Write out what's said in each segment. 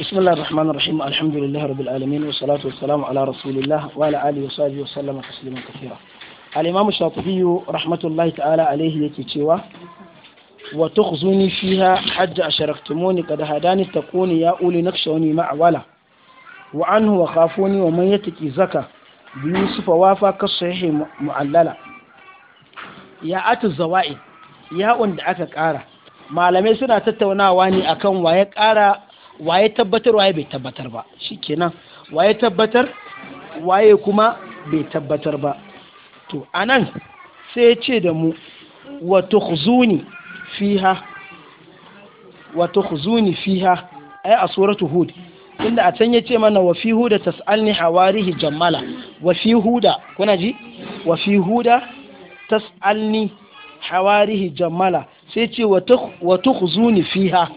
بسم الله الرحمن الرحيم الحمد لله رب العالمين والصلاة والسلام على رسول الله وعلى آله وصحبه وسلم تسليما كثيرا الإمام الشاطبي رحمة الله تعالى عليه يكتوى وتخزوني فيها حج أشركتموني قد هداني تقوني يا أولي نقشوني مع ولا وعنه وخافوني ومن يتكي زكا بيوسف وافا كالصحيح معللا يا أت الزوائد يا أند أكا كارا لم suna tattaunawa واني أكون ويك ƙara waye tabbatar waye bai tabbatar ba shikenan waye tabbatar waye kuma bai tabbatar ba to anan sai ya ce da mu wato fiha wato fiha ai a suratu hud inda a can ya ce mana wa fi huda tas'alni hawarihi jammala wa fi huda kuna ji wa fi huda tas'alni hawarihi jammala sai ce wa tukhzuni fiha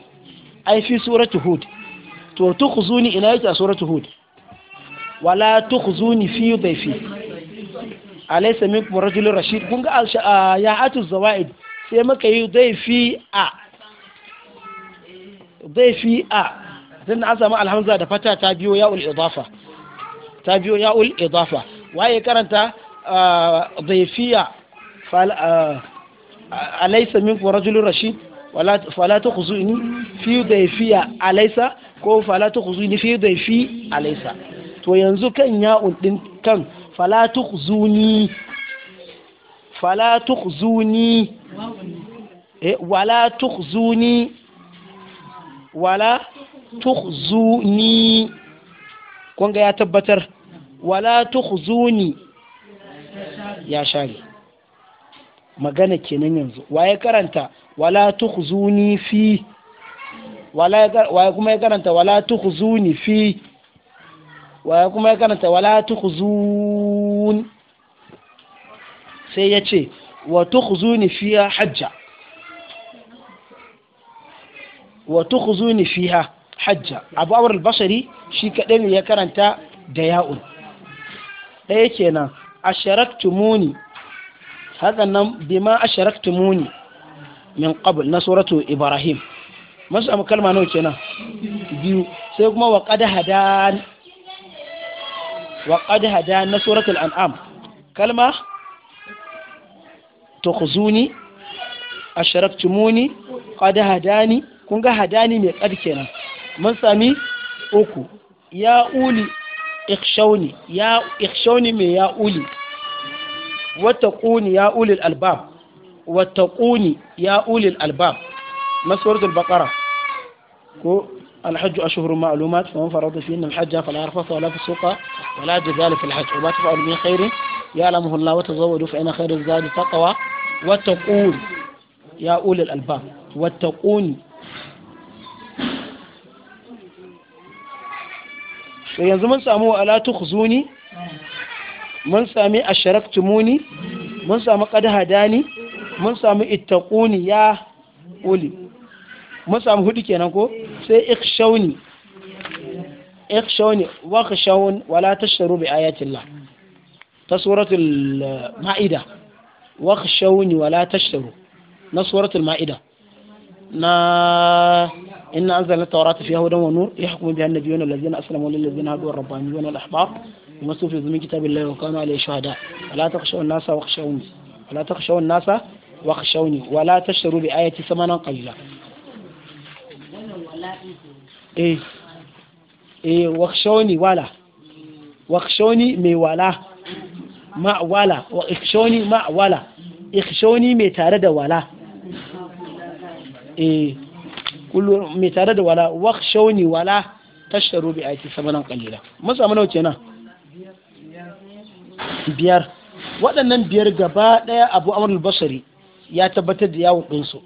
ai fi suratu hud to tukhzuni ina yake a suratul hud wala tukhzuni fi dhayfi alaysa minkum rajulun rashid kun ga ya atu zawaid sai maka yi dhayfi a dhayfi a dan an samu alhamza da fata ta biyo ya ul idafa ta biyo ya ul idafa waye karanta dhayfiya fal alaysa minkum rajulun rashid fala ta kuzu ni fi da fi alaisa ko fala ta kuzu ni fi da fi alaisa to yanzu kan ya'un din kan fala ta kuzu ni fala ta wala ta kuzu ni wala ta kuzu ni kunga ya tabbatar wala ta kuzu ni ya share magana kenan yanzu waye karanta wala tukhzuni fi wala wa kuma ya karanta wala tukhzuni fi wa kuma ya karanta wala tukhzun sai ya ce wa tukhzuni fiha hajja wa tukhzuni fiha hajja abu awar al-bashari shi kadai ne ya karanta da ya'un ɗaya kenan asharaktumuni hakan nan bima asharaktumuni min qabl na suratu ibrahim mun samu kalma nawa kenan biyu sai kuma wa qad hadan wa qad hadan na suratul an'am kalma tukhzuni ashraftumuni qad hadani kun ga hadani mai qad kenan mun sami uku ya uli ikhshawni ya ikhshawni mai ya uli wata ƙuni ya ulil albab واتقوني يا أولي الألباب ما سورة البقرة كو الحج أشهر معلومات فمن فرض فيهن الحج فلا يرفث ولا فسوق ولا جدال في الحج وما تفعل من خير يعلمه الله وتزودوا فإن خير الزاد تقوى واتقون يا أولي الألباب واتقون yanzu mun samu ala tukhzuni mun sami ashraktumuni mun sami qad hadani mun samu ittaquni ya uli mun samu hudu kenan ko sai ikhshawni ikhshawni wa khshawun wala la tashtaru bi ayati ta suratul eh, ma'ida wa khshawni wala la tashtaru na suratul ma'ida na إن أنزل التوراة فيها هدى ونور يحكم بها النبيون الذين أسلموا للذين هادوا الربانيون الأحبار بما استوفوا من كتاب الله wala عليه شهداء nasa تخشوا الناس wala ولا تخشوا nasa. واخشوني ولا تشتروا بآيتي ثمنا قليلا إيه إيه واخشوني ولا واخشوني مي ولا ما ولا واخشوني ما ولا اخشوني مي تارد ولا إيه كل مي تارد ولا واخشوني ولا تشتروا بآيتي ثمنا قليلا ما سأمنا وتينا بيار waɗannan biyar gaba ɗaya abu amur basari ya tabbatar da yawon ɗinsu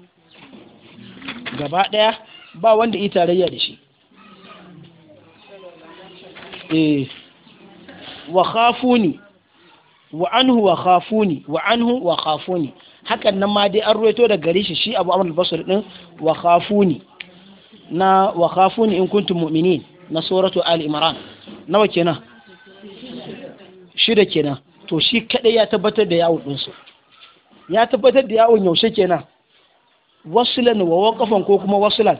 gaba ɗaya ba wanda yi tarayya da shi eh, wa khafuni wa anhu wa khafuni wa anhu wa khafuni hakan nan ma dai an ruwaito da gare shi shi abu amur basir din wa khafuni na wa khafuni in kuntum mu'minin na suratu al imran nawa kenan shida kenan to shi kaɗai ya tabbatar da yawon ɗinsu ya tabbatar da yawon yaushe kenan wasilan wa wakafan ko kuma wasilan